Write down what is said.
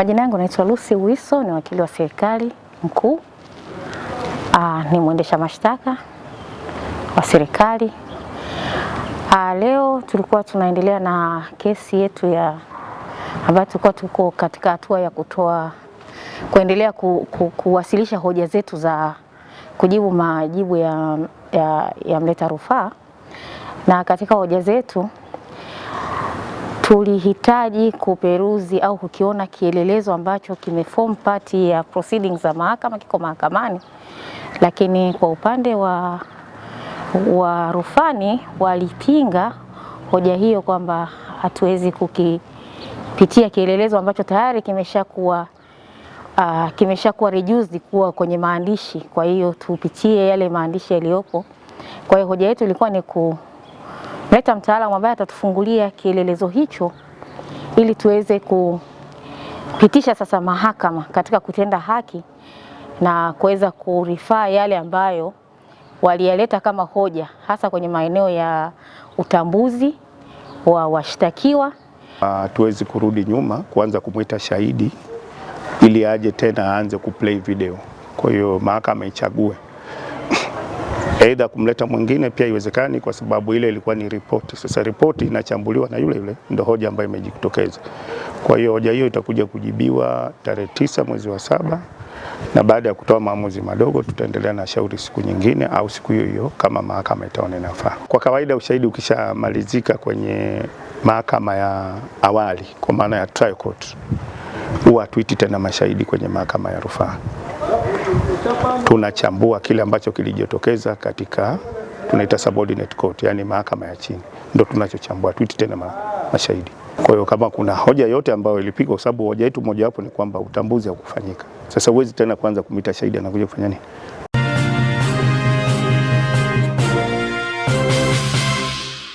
Majina yangu naitwa Lucy Wiso, ni wakili wa serikali mkuu. Aa, ah, ni mwendesha mashtaka wa serikali. Ah, leo tulikuwa tunaendelea na kesi yetu ya ambayo tulikuwa tuko katika hatua ya kutoa kuendelea ku, ku, kuwasilisha hoja zetu za kujibu majibu ya, ya, ya mleta rufaa na katika hoja zetu tulihitaji kuperuzi au kukiona kielelezo ambacho form part ya proceedings za mahakama, kiko mahakamani, lakini kwa upande wa, wa rufani walipinga hoja hiyo kwamba hatuwezi kukipitia kielelezo ambacho tayari kimeshakuwa uh, ah, kimeshakuwa reduced kuwa kwenye maandishi, kwa hiyo tupitie yale maandishi yaliyopo. Kwa hiyo hoja yetu ilikuwa ni ku leta mtaalamu ambaye atatufungulia kielelezo hicho ili tuweze kupitisha sasa mahakama katika kutenda haki na kuweza kurifaa yale ambayo waliyaleta kama hoja hasa kwenye maeneo ya utambuzi wa washtakiwa. Ah, hatuwezi kurudi nyuma kuanza kumwita shahidi ili aje tena aanze kuplay video. Kwa hiyo mahakama ichague. Aidha, kumleta mwingine pia iwezekani, kwa sababu ile ilikuwa ni ripoti. Sasa ripoti inachambuliwa na yule yule, ndio hoja ambayo imejitokeza. Kwa hiyo hoja hiyo itakuja kujibiwa tarehe tisa mwezi wa saba, na baada ya kutoa maamuzi madogo tutaendelea na shauri siku nyingine au siku hiyo hiyo kama mahakama itaona inafaa. Kwa kawaida ushahidi ukishamalizika kwenye mahakama ya awali, kwa maana ya trial court, huwa hatuiti tena mashahidi kwenye mahakama ya rufaa tunachambua kile ambacho kilijitokeza katika tunaita subordinate court, yani mahakama ya chini, ndio tunachochambua tuite tena ma, mashahidi. Kwa hiyo kama kuna hoja yote ambayo ilipigwa, kwa sababu hoja yetu mojawapo ni kwamba utambuzi haukufanyika. Sasa huwezi tena kwanza kumita shahidi anakuja kufanya nini?